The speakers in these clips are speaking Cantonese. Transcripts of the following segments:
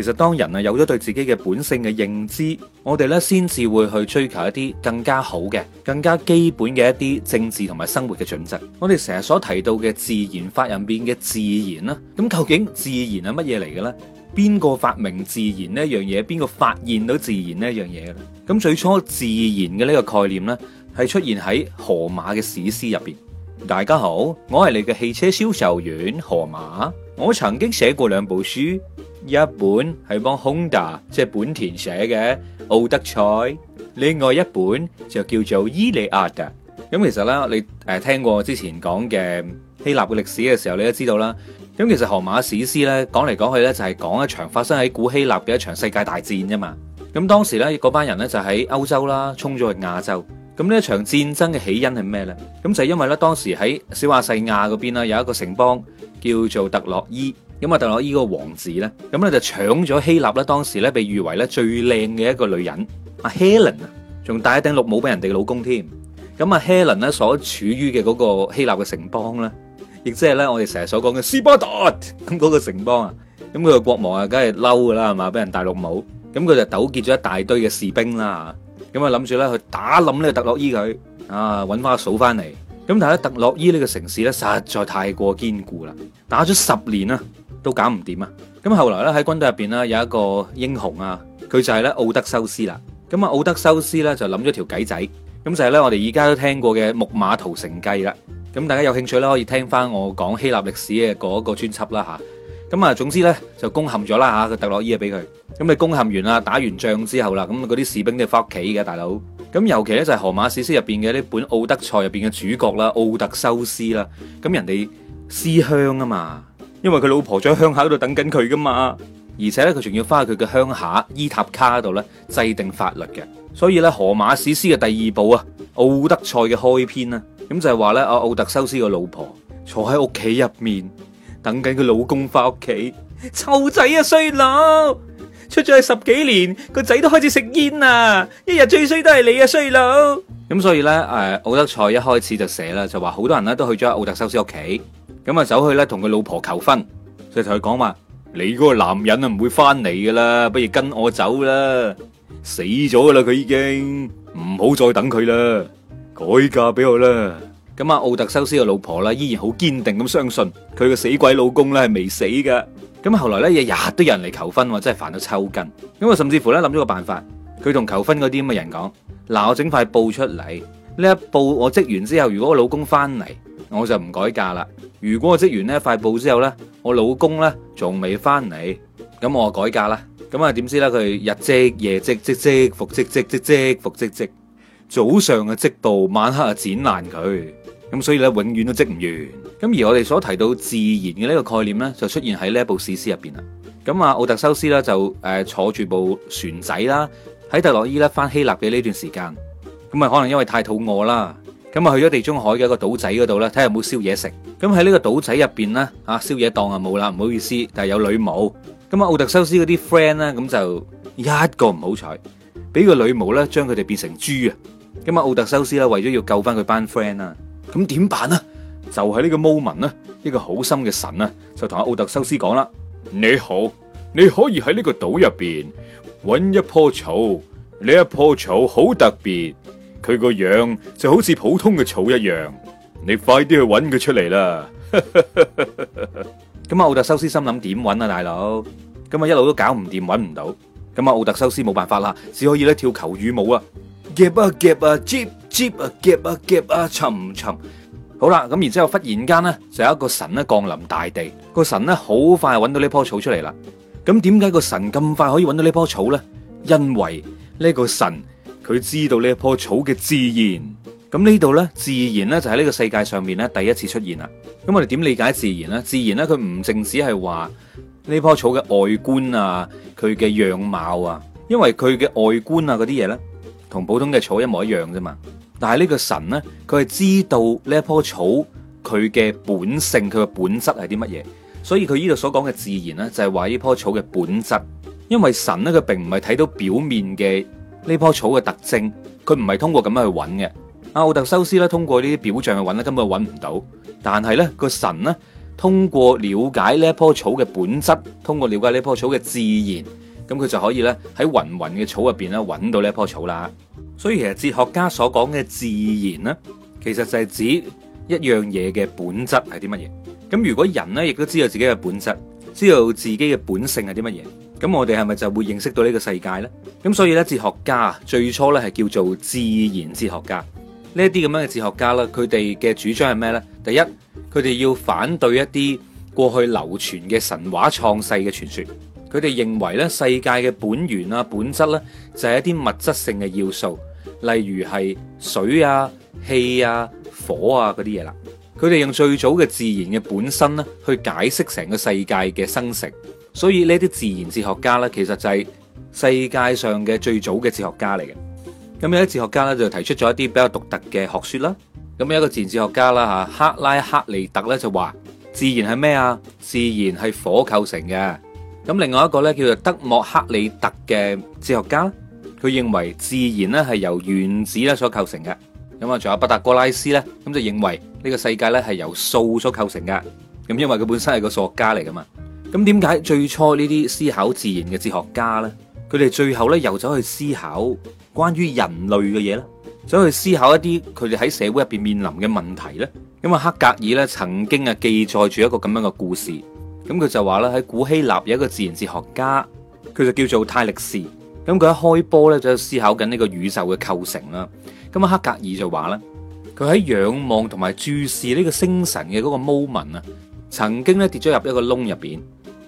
其實當人啊有咗對自己嘅本性嘅認知，我哋呢先至會去追求一啲更加好嘅，更加基本嘅一啲政治同埋生活嘅準則。我哋成日所提到嘅自然法入邊嘅自然啦，咁究竟自然係乜嘢嚟嘅呢？邊個發明自然呢一樣嘢？邊個發現到自然呢一樣嘢？咁最初自然嘅呢個概念呢，係出現喺荷馬嘅史詩入邊。大家好，我係你嘅汽車銷售員荷馬。我曾經寫過兩部書。一本係幫 Honda 即係本田寫嘅《奧德賽》，另外一本就叫做《伊利亞特》嘅。咁其實啦，你誒聽過之前講嘅希臘嘅歷史嘅時候，你都知道啦。咁其實荷馬史詩咧講嚟講去咧就係講一場發生喺古希臘嘅一場世界大戰啫嘛。咁當時咧，嗰班人咧就喺歐洲啦，衝咗去亞洲。咁呢一場戰爭嘅起因係咩咧？咁就係因為咧當時喺小亞細亞嗰邊啦，有一個城邦叫做特洛伊。咁、那個、啊，特洛伊個王子咧，咁咧就搶咗希臘咧，當時咧被譽為咧最靚嘅一個女人阿 Helen 啊，仲戴一頂綠帽俾人哋老公添。咁阿 Helen 咧所處於嘅嗰個希臘嘅城邦咧，亦即係咧我哋成日所講嘅斯巴達咁嗰個城邦啊。咁佢個國王啊，梗係嬲㗎啦，係嘛？俾人戴綠帽，咁佢就糾結咗一大堆嘅士兵啦。咁啊，諗住咧去打冧呢個特洛伊佢啊，揾翻個數翻嚟。咁但係咧，特洛伊呢個城市咧實在太過堅固啦，打咗十年啦。都搞唔掂啊！咁後來咧喺軍隊入邊啦，有一個英雄啊，佢就係咧奧德修斯啦。咁啊，奧德修斯咧就諗咗條計仔，咁就係咧我哋而家都聽過嘅木馬屠城計啦。咁大家有興趣咧可以聽翻我講希臘歷史嘅嗰個專輯啦吓。咁啊，總之咧就攻陷咗啦吓個特洛伊啊，俾佢。咁你攻陷完啊，打完仗之後啦，咁嗰啲士兵都要翻屋企嘅大佬。咁尤其咧就係荷馬史詩入邊嘅呢本奧德賽入邊嘅主角啦，奧德修斯啦。咁人哋思鄉啊嘛。因為佢老婆仲喺鄉下度等緊佢噶嘛，而且咧佢仲要翻去佢嘅鄉下伊塔卡度咧制定法律嘅，所以咧荷馬史詩嘅第二部啊奧德賽嘅開篇啦，咁就係話咧阿奧特修斯嘅老婆坐喺屋企入面等緊佢老公翻屋企，臭仔啊衰佬，出咗去十幾年個仔都開始食煙啊，一日最衰都係你啊衰佬，咁所以咧誒奧德賽一開始就寫啦，就話好多人咧都去咗奧特修斯屋企。咁啊，走去咧，同佢老婆求婚，就同佢講話：你嗰個男人啊，唔會翻嚟噶啦，不如跟我走啦。死咗噶啦，佢已經唔好再等佢啦，改嫁俾我啦。咁啊，奧特修斯嘅老婆啦，依然好堅定咁相信佢嘅死鬼老公啦，係未死噶。咁後來咧，日日都有人嚟求婚，真煩，我真係煩到抽筋。咁啊，甚至乎咧諗咗個辦法，佢同求婚嗰啲咁嘅人講：嗱，我整塊布出嚟，呢一塊布我織完之後，如果我老公翻嚟，我就唔改嫁啦。如果我織完咧塊布之後咧，我老公咧仲未翻嚟，咁我改嫁啦。咁啊，點知咧佢日織夜織，織織復織織織織復織織，早上嘅織布，晚黑啊剪爛佢。咁所以咧永遠都織唔完。咁而我哋所提到自然嘅呢個概念咧，就出現喺呢一部史詩入邊啦。咁啊，奧德修斯咧就誒坐住部船仔啦，喺特洛伊咧翻希臘嘅呢段時間，咁啊可能因為太肚餓啦。咁啊，去咗地中海嘅一個島仔嗰度咧，睇下有冇宵夜食。咁喺呢個島仔入邊咧，啊，宵夜檔啊冇啦，唔好意思，但係有女巫。咁啊，奧特修斯嗰啲 friend 咧，咁就一個唔好彩，俾個女巫咧將佢哋變成豬啊。咁啊，奧特修斯啦，為咗要救翻佢班 friend 啦，咁點辦啊？就喺呢個 moment 咧，一個好心嘅神啊，就同阿奧特修斯講啦：你好，你可以喺呢個島入邊搵一棵草，呢一棵草好特別。佢個樣就好似普通嘅草一樣，你快啲去搵佢出嚟啦！咁啊，奧特修斯心諗點搵啊，大佬！咁、嗯、啊一路都搞唔掂，搵唔到。咁、嗯、啊，奧特修斯冇辦法啦，只可以咧跳求雨舞啦，夾啊夾啊，接接啊，夾啊夾啊，沉沉、啊啊。好啦，咁然之後忽然間咧，就有一個神咧降臨大地，個神咧好快揾到呢棵草出嚟啦。咁點解個神咁快可以揾到呢棵草咧？因為呢個神。佢知道呢一棵草嘅自然，咁呢度呢，自然呢，就喺呢個世界上面呢，第一次出現啦。咁我哋點理解自然呢？自然呢，佢唔淨止係話呢棵草嘅外觀啊，佢嘅樣貌啊，因為佢嘅外觀啊嗰啲嘢呢，同普通嘅草一模一樣啫嘛。但係呢個神呢，佢係知道呢一棵草佢嘅本性，佢嘅本質係啲乜嘢。所以佢呢度所講嘅自然呢，就係話呢棵草嘅本質。因為神呢，佢並唔係睇到表面嘅。呢棵草嘅特徵，佢唔係通過咁樣去揾嘅。阿奧特修斯咧，通過呢啲表象去揾咧，根本揾唔到。但係咧個神咧，通過了解呢一棵草嘅本質，通過了解呢一棵草嘅自然，咁佢就可以咧喺芸芸嘅草入邊咧揾到呢一棵草啦。所以其實哲學家所講嘅自然咧，其實就係指一樣嘢嘅本質係啲乜嘢。咁如果人咧，亦都知道自己嘅本質，知道自己嘅本性係啲乜嘢。咁我哋係咪就會認識到呢個世界呢？咁所以呢，哲學家最初呢係叫做自然哲學家。呢啲咁樣嘅哲學家呢，佢哋嘅主張係咩呢？第一，佢哋要反對一啲過去流傳嘅神話創世嘅傳說。佢哋認為呢世界嘅本源啊、本質呢，就係一啲物質性嘅要素，例如係水啊、氣啊、火啊嗰啲嘢啦。佢哋用最早嘅自然嘅本身呢，去解釋成個世界嘅生成。所以呢啲自然哲學家咧，其實就係世界上嘅最早嘅哲學家嚟嘅。咁有啲哲學家咧就提出咗一啲比較獨特嘅學說啦。咁有一個自然哲學家啦，吓，克拉克利特咧就話自然係咩啊？自然係火構成嘅。咁另外一個咧叫做德莫克里特嘅哲學家，佢認為自然咧係由原子咧所構成嘅。咁啊，仲有畢達哥拉斯咧，咁就認為呢個世界咧係由數所構成嘅。咁因為佢本身係個數學家嚟噶嘛。咁點解最初呢啲思考自然嘅哲學家呢？佢哋最後呢，又走去思考關於人類嘅嘢呢？走去思考一啲佢哋喺社會入邊面臨嘅問題呢？咁啊，黑格爾呢，曾經啊記載住一個咁樣嘅故事。咁佢就話啦：「喺古希臘有一個自然哲學家，佢就叫做泰勒士。」咁佢一開波呢，就思考緊呢個宇宙嘅構成啦。咁啊，黑格爾就話呢，佢喺仰望同埋注視呢個星辰嘅嗰個 moment 啊，曾經呢跌咗入一個窿入邊。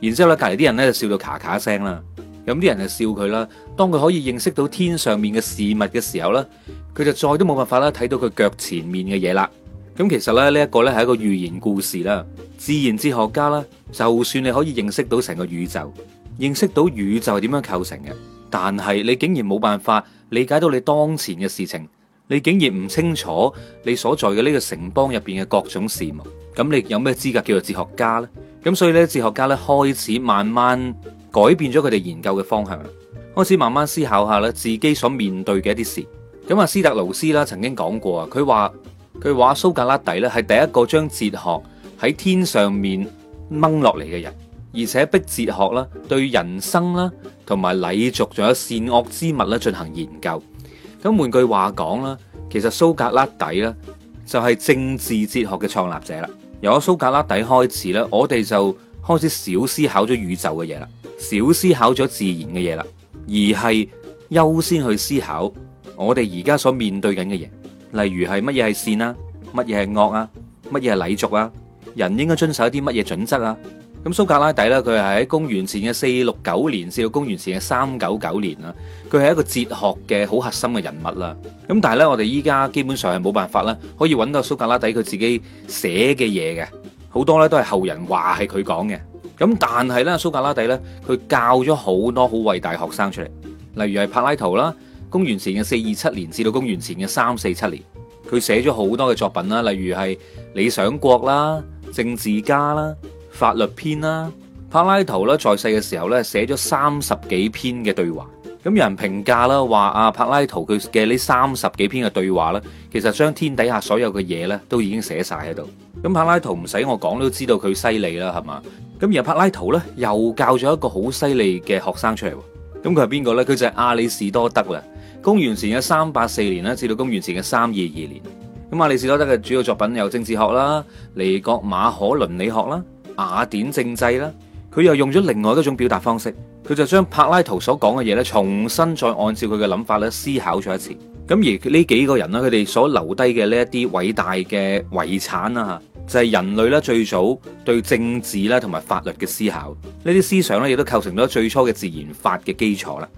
然之後咧，隔離啲人咧就笑到咔咔聲啦。咁啲人就笑佢啦。當佢可以認識到天上面嘅事物嘅時候咧，佢就再都冇辦法啦睇到佢腳前面嘅嘢啦。咁其實咧，呢一個咧係一個寓言故事啦。自然哲學家啦，就算你可以認識到成個宇宙，認識到宇宙係點樣構成嘅，但係你竟然冇辦法理解到你當前嘅事情，你竟然唔清楚你所在嘅呢個城邦入面嘅各種事物，咁你有咩資格叫做哲學家呢？咁所以咧，哲學家咧開始慢慢改變咗佢哋研究嘅方向，開始慢慢思考下咧自己所面對嘅一啲事。咁啊，斯特勞斯啦曾經講過啊，佢話佢話蘇格拉底咧係第一個將哲學喺天上面掹落嚟嘅人，而且逼哲學啦對人生啦同埋禮俗仲有善惡之物咧進行研究。咁換句話講啦，其實蘇格拉底咧就係政治哲學嘅創立者啦。由阿蘇格拉底開始咧，我哋就開始少思考咗宇宙嘅嘢啦，少思考咗自然嘅嘢啦，而係優先去思考我哋而家所面對緊嘅嘢，例如係乜嘢係善啊，乜嘢係惡啊，乜嘢係禮俗啊，人應該遵守一啲乜嘢準則啊？咁蘇格拉底咧，佢係喺公元前嘅四六九年至到公元前嘅三九九年啦。佢係一個哲學嘅好核心嘅人物啦。咁但係咧，我哋依家基本上係冇辦法啦，可以揾到蘇格拉底佢自己寫嘅嘢嘅，好多咧都係後人話係佢講嘅。咁但係咧，蘇格拉底咧，佢教咗好多好偉大學生出嚟，例如係柏拉圖啦，公元前嘅四二七年至到公元前嘅三四七年，佢寫咗好多嘅作品啦，例如係《理想國》啦，《政治家》啦。法律篇啦，柏拉圖咧在世嘅時候咧寫咗三十幾篇嘅對話，咁有人評價啦話啊柏拉圖佢嘅呢三十幾篇嘅對話咧，其實將天底下所有嘅嘢咧都已經寫晒喺度。咁柏拉圖唔使我講都知道佢犀利啦，係嘛？咁而柏拉圖咧又教咗一個好犀利嘅學生出嚟，咁佢係邊個咧？佢就係亞里士多德啦，公元前嘅三八四年呢，至到公元前嘅三二二年。咁亞里士多德嘅主要作品有《政治學》啦，《尼各馬可倫理學》啦。雅典政制啦，佢又用咗另外一種表達方式，佢就將柏拉圖所講嘅嘢咧，重新再按照佢嘅諗法咧思考咗一次。咁而呢幾個人啦，佢哋所留低嘅呢一啲偉大嘅遺產啦，就係人類咧最早對政治咧同埋法律嘅思考，呢啲思想咧亦都構成咗最初嘅自然法嘅基礎啦。